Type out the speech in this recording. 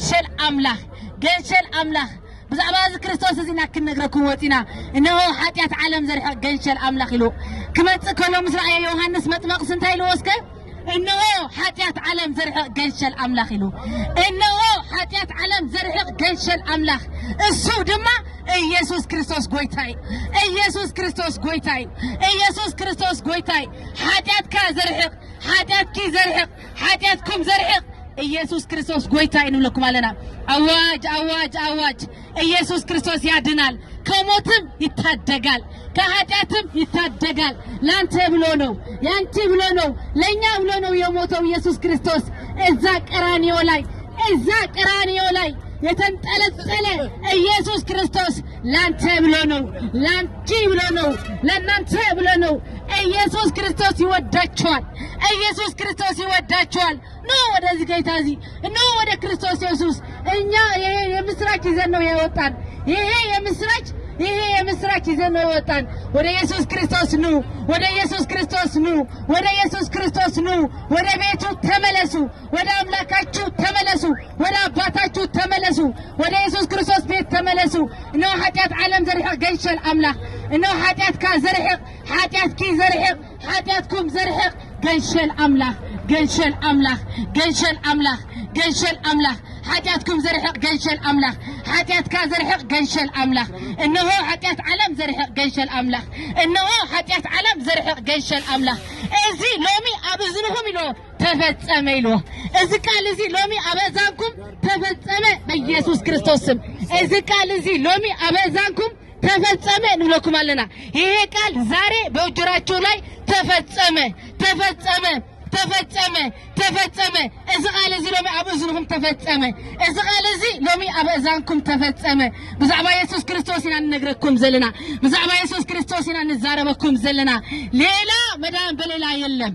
ገንሸል ኣምላኽ ገንሸል ኣምላኽ ብዛዕባ እዚ ክርስቶስ እዚና ክንነግረኩም ወፂና እነሆ ሓጢኣት ዓለም ዘርሐ ገንሸል ኣምላኽ ኢሉ ክመፅእ ከሎ ምስ ረኣየ ዮሃንስ መጥመቕስ እንታይ ኢልዎ እስከ እነሆ ሓጢኣት ዓለም ዘርሕቕ ገንሸል ኣምላኽ ኢሉ እነሆ ሓጢአት ዓለም ዘርሕቕ ገንሸል ኣምላኽ እሱ ድማ ኢየሱስ ክርስቶስ ጎይታ እዩ ኢየሱስ ክርስቶስ ጎይታ እዩ ኢየሱስ ክርስቶስ ጎይታ እዩ ሓጢአትካ ዘርሕቕ ሓጢአትኪ ዘርሕቕ ሓጢአትኩም ዘርሕቕ ኢየሱስ ክርስቶስ ጎይታ ይንብለኩ ማለና አዋጅ አዋጅ አዋጅ! ኢየሱስ ክርስቶስ ያድናል፣ ከሞትም ይታደጋል፣ ከኃጢአትም ይታደጋል። ላንተ ብሎ ነው፣ ያንቺ ብሎ ነው፣ ለእኛ ብሎ ነው የሞተው ኢየሱስ ክርስቶስ እዛ ቀራኒዮ ላይ እዛ ቀራኒዮ ላይ የተንጠለጠለ ኢየሱስ ክርስቶስ ላንተ ብሎ ነው፣ ላንቺ ብሎ ነው፣ ለእናንተ ብሎ ነው። ኢየሱስ ክርስቶስ ይወዳቸዋል። ኢየሱስ ክርስቶስ ይወዳቸዋል። ኖ ወደዚህ ጌታ እዚህ ወደ ክርስቶስ ኢየሱስ። እኛ ይሄ የምስራች ይዘን ነው ያወጣን። ይሄ የምስራች ይሄ የምስራች ይዘን ነው ያወጣን። ወደ ኢየሱስ ክርስቶስ ኑ፣ ወደ ኢየሱስ ክርስቶስ ኑ፣ ወደ ኢየሱስ ክርስቶስ ኑ። ወደ ቤቱ ተመለሱ፣ ወደ አምላካችሁ ተመለሱ። ወደ ኢየሱስ ክርስቶስ ቤት ተመለሱ። እነሆ ኃጢአት ዓለም ዘርሒቕ ገይሸል ኣምላኽ እነሆ ኃጢአትካ ዘርሒቕ ኃጢአትኪ ዘርሒቕ ኃጢአትኩም ዘርሒቕ ገይሸል ኣምላኽ ገይሸል ኣምላኽ ገይሸል ኣምላኽ ገይሸል ኣምላኽ ኃጢአትኩም ዘርሕቕ ገንሸል ኣምላኽ ኃጢአትካ ዘርሕቕ ገንሸል ኣምላኽ እነሆ ኃጢአት ዓለም ዘርሕቕ ገንሸል ኣምላኽ እነሆ ኃጢአት ዓለም ዘርሕቕ ገንሸል ኣምላኽ እዚ ሎሚ ኣብ እዝንኹም ኢልዎ ተፈጸመ ኢልዎ እዚ ቃል እዚ ሎሚ ኣበእዛንኩም ተፈፀመ በኢየሱስ ክርስቶስ ስም እዚ ቃል እዚ ሎሚ ኣበእዛንኩም ተፈጸመ ንብለኩም ኣለና። ይሄ ቃል ዛሬ በእጆራችሁ ላይ ተፈጸመ ተፈጸመ ተፈጸመ ተፈጸመ። እዚ ቃል እዚ ሎሚ ኣብ እዝንኩም ተፈጸመ። እዚ ቃል እዚ ሎሚ ኣብ እዛንኩም ተፈጸመ። ብዛዕባ የሱስ ክርስቶስ ኢና ንነግረኩም ዘለና። ብዛዕባ የሱስ ክርስቶስ ኢና ንዛረበኩም ዘለና። ሌላ መዳን በሌላ የለም።